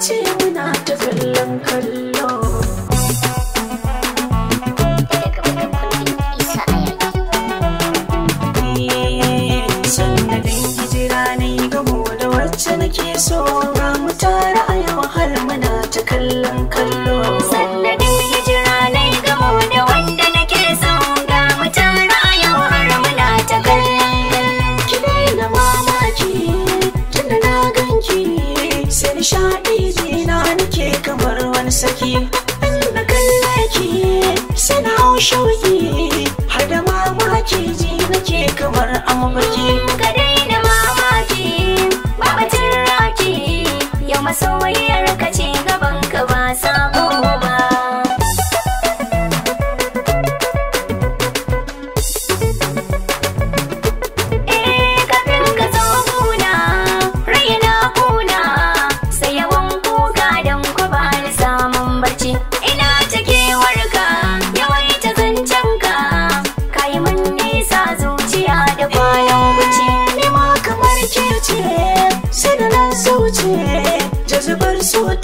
ce muna ta kallon kallo Sanda dangi jira ne gabo da wacce nake so saki na kalla ki sana hau shauki har da mamaki ji nake kamar an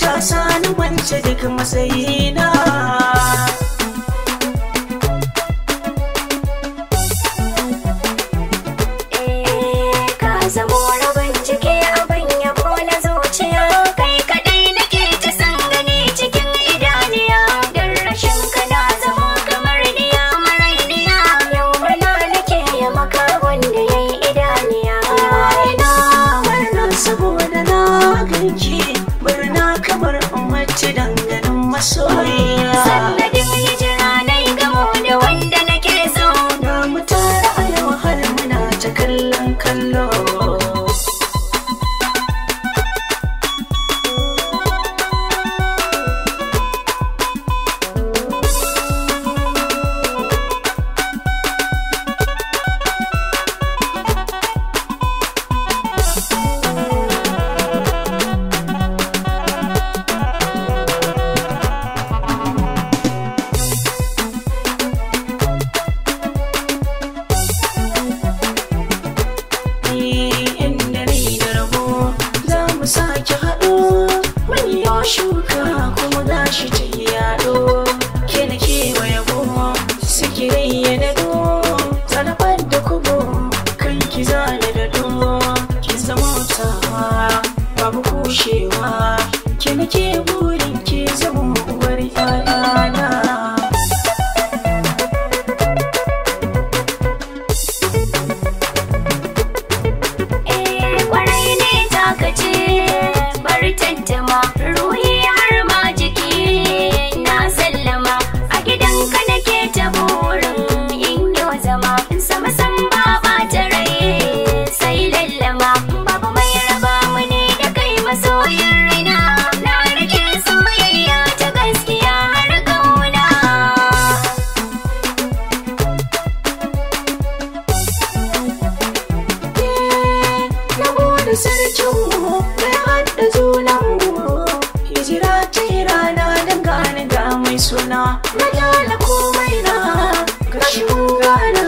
ta na wance duk matsayi kamar umarci danganin masoyiya sanadin hijira na yi gamo da wanda nake so na mutara a yau har muna ta kallon da muke sarkinmu mai haɗa mu hijira ta yi rana dangane gane ga mai suna na gyara komai na gashi mun gana